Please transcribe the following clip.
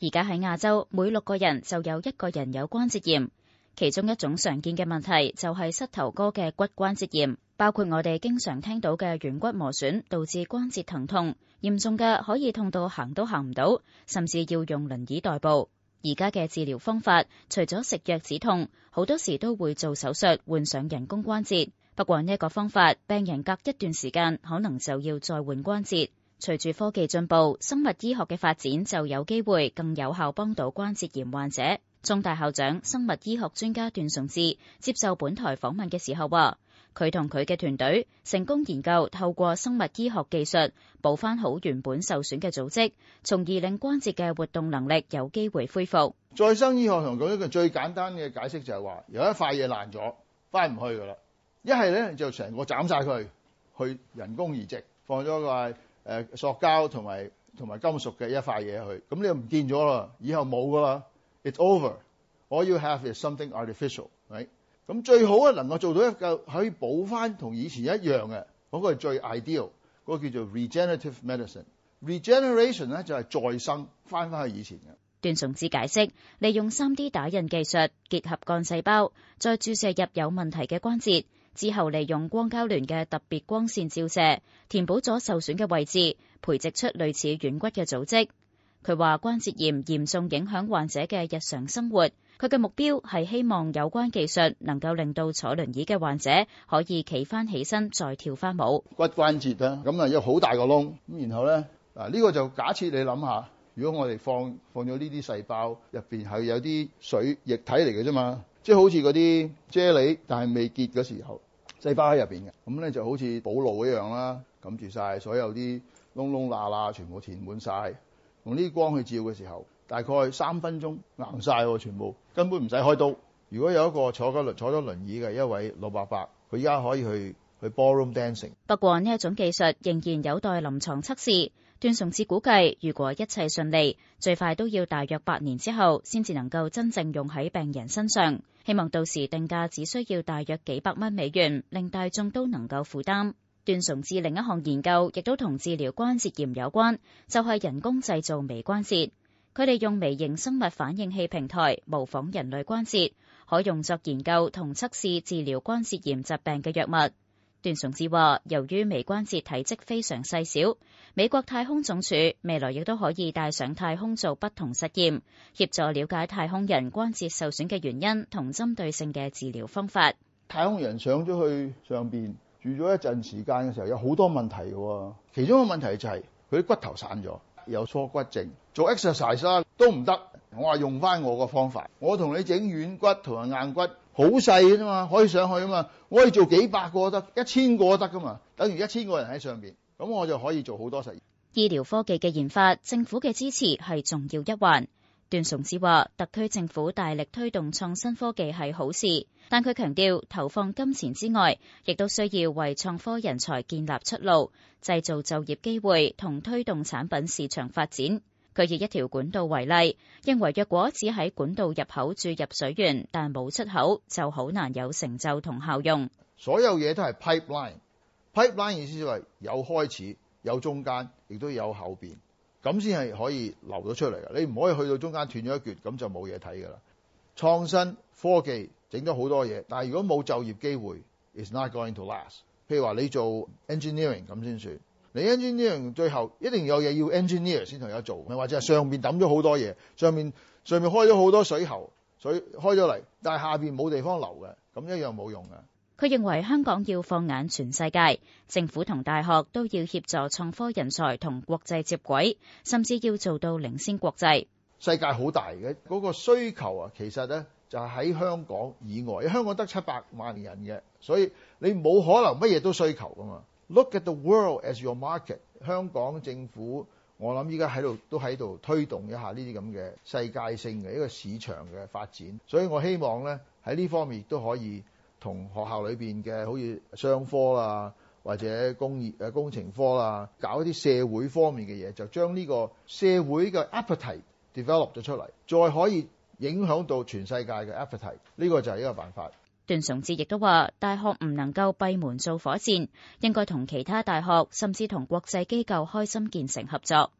而家喺亞洲，每六個人就有一個人有關節炎。其中一種常見嘅問題就係膝頭哥嘅骨關節炎，包括我哋經常聽到嘅軟骨磨損導致關節疼痛，嚴重嘅可以痛到行都行唔到，甚至要用輪椅代步。而家嘅治療方法，除咗食藥止痛，好多時都會做手術換上人工關節。不過呢個方法，病人隔一段時間可能就要再換關節。隨住科技進步，生物醫學嘅發展就有機會更有效幫到關節炎患者。中大校長、生物醫學專家段崇智接受本台訪問嘅時候話，佢同佢嘅團隊成功研究透過生物醫學技術補翻好原本受損嘅組織，從而令關節嘅活動能力有機會恢復。再生醫學同咁一個最簡單嘅解釋就係話，有一塊嘢爛咗，翻唔去噶啦，一係咧就成個斬晒佢，去人工移植放咗個。塑膠同埋同埋金屬嘅一塊嘢去，咁你又唔見咗啦，以後冇噶啦，it's over。All you have is something artificial，right 咁最好啊，能夠做到一個可以補翻同以前一樣嘅，嗰、那個係最 ideal。嗰個叫做 regenerative medicine，regeneration 咧就係再生翻翻去以前嘅。段崇智解釋，利用三 D 打印技術結合幹細胞，再注射入有問題嘅關節。之後利用光交聯嘅特別光線照射，填補咗受損嘅位置，培植出類似軟骨嘅組織。佢話關節炎嚴重影響患者嘅日常生活。佢嘅目標係希望有關技術能夠令到坐輪椅嘅患者可以企返起身，再跳返舞。骨關節啊，咁啊有好大個窿咁，然後咧嗱呢個就假設你諗下，如果我哋放放咗呢啲細胞入邊係有啲水液體嚟嘅啫嘛，即係好似嗰啲啫喱，但係未結嘅時候。細胞喺入邊嘅，咁咧就好似補路一樣啦，撳住晒所有啲窿窿罅罅，全部填滿晒。用呢啲光去照嘅時候，大概三分鐘硬晒喎，全部根本唔使開刀。如果有一個坐坐咗輪椅嘅一位老伯伯，佢依家可以去。去 ballroom dancing。不過呢一種技術仍然有待臨床測試。段崇智估計，如果一切順利，最快都要大約八年之後先至能夠真正用喺病人身上。希望到時定價只需要大約幾百蚊美元，令大眾都能夠負擔。段崇智另一項研究亦都同治療關節炎有關，就係、是、人工製造微關節。佢哋用微型生物反應器平台模仿人類關節，可用作研究同測試治療關節炎疾病嘅藥物。段崇智話，由於微關節體積非常細小，美國太空總署未來亦都可以帶上太空做不同實驗，協助了解太空人關節受損嘅原因同針對性嘅治療方法。太空人上咗去上邊住咗一陣時間嘅時候，有好多問題嘅，其中個問題就係佢啲骨頭散咗，有疏骨症，做 exercise 都唔得。我話用翻我個方法，我同你整軟骨同埋硬骨。好細啫嘛，可以上去啊嘛，我可以做幾百個得，一千個都得噶嘛，等於一千個人喺上面。咁我就可以做好多實驗。醫療科技嘅研發，政府嘅支持係重要一環。段崇智話：特區政府大力推動創新科技係好事，但佢強調，投放金錢之外，亦都需要為創科人才建立出路，製造就業機會同推動產品市場發展。佢以一條管道為例，認為若果只喺管道入口注入水源，但冇出口，就好難有成就同效用。所有嘢都係 pipeline，pipeline 意思就係有開始、有中間，亦都有後邊，咁先係可以流到出嚟嘅。你唔可以去到中間斷咗一橛，咁就冇嘢睇㗎啦。創新科技整咗好多嘢，但係如果冇就業機會，it's not going to last。譬如話你做 engineering 咁先算。你 engineer 最後一定要有嘢要 engineer 先同有做，或者係上面抌咗好多嘢，上面上面開咗好多水喉，水開咗嚟，但係下面冇地方流嘅，咁一樣冇用㗎。佢認為香港要放眼全世界，政府同大學都要協助創科人才同國際接軌，甚至要做到領先國際。世界好大嘅，嗰個需求啊，其實咧就係喺香港以外，香港得七百萬人嘅，所以你冇可能乜嘢都需求噶嘛。Look at the world as your market。香港政府，我諗依家喺度都喺度推動一下呢啲咁嘅世界性嘅一個市場嘅發展。所以我希望咧喺呢方面亦都可以同學校裏邊嘅好似商科啊或者工業誒工程科啊搞一啲社會方面嘅嘢，就將呢個社會嘅 appetite develop 咗出嚟，再可以影響到全世界嘅 appetite 呢個就係一個辦法。段崇智亦都話：大學唔能夠閉門做火箭，應該同其他大學，甚至同國際機構開心建成合作。